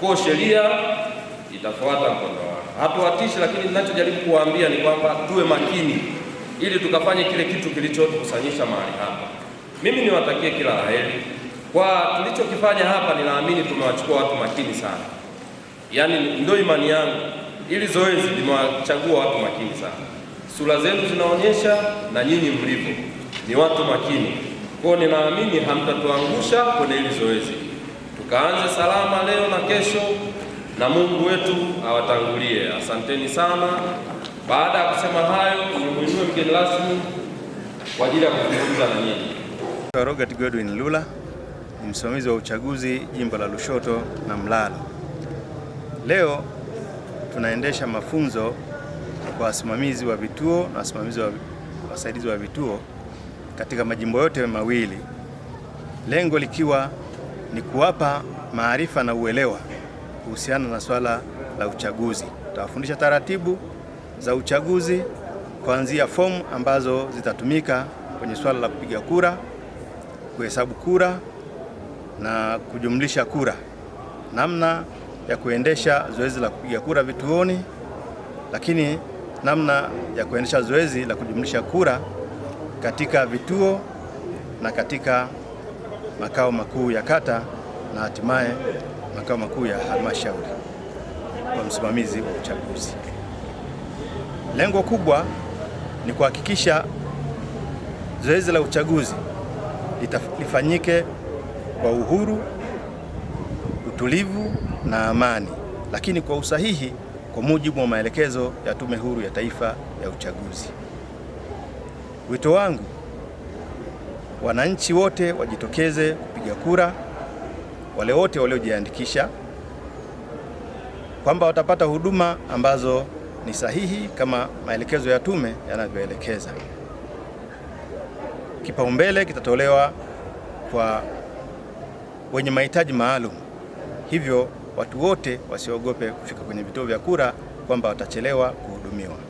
Kwa sheria itafuata mkondo wake. Hatuwatishi, lakini ninachojaribu kuwaambia ni kwamba tuwe makini ili tukafanye kile kitu kilichotukusanyisha mahali hapa. Mimi niwatakie kila la heri kwa tulichokifanya hapa. Ninaamini tumewachukua watu makini sana, yaani ndio imani yangu, ili zoezi limewachagua watu makini sana. Sura zenu zinaonyesha na nyinyi mlivyo ni watu makini. Kwa hiyo ninaamini hamtatuangusha kwenye hili zoezi. Kaanze salama leo na kesho, na Mungu wetu awatangulie. Asanteni sana. Baada ya kusema hayo, nimuinue mgeni rasmi kwa ajili ya kuzungumza na nyinyi. Robert Godwin Lula ni msimamizi wa uchaguzi jimbo la Lushoto na Mlala. Leo tunaendesha mafunzo kwa wasimamizi wa vituo na wasimamizi wa wasaidizi wa vituo katika majimbo yote mawili, lengo likiwa ni kuwapa maarifa na uelewa kuhusiana na swala la uchaguzi. Tutawafundisha taratibu za uchaguzi kuanzia fomu ambazo zitatumika kwenye swala la kupiga kura, kuhesabu kura na kujumlisha kura, namna ya kuendesha zoezi la kupiga kura vituoni, lakini namna ya kuendesha zoezi la kujumlisha kura katika vituo na katika makao makuu ya kata na hatimaye makao makuu ya halmashauri kwa msimamizi wa uchaguzi. Lengo kubwa ni kuhakikisha zoezi la uchaguzi lifanyike kwa uhuru, utulivu na amani, lakini kwa usahihi kwa mujibu wa maelekezo ya Tume Huru ya Taifa ya Uchaguzi. Wito wangu wananchi wote wajitokeze kupiga kura, wale wote waliojiandikisha, kwamba watapata huduma ambazo ni sahihi kama maelekezo ya tume yanavyoelekeza. Kipaumbele kitatolewa kwa wenye mahitaji maalum, hivyo watu wote wasiogope kufika kwenye vituo vya kura kwamba watachelewa kuhudumiwa.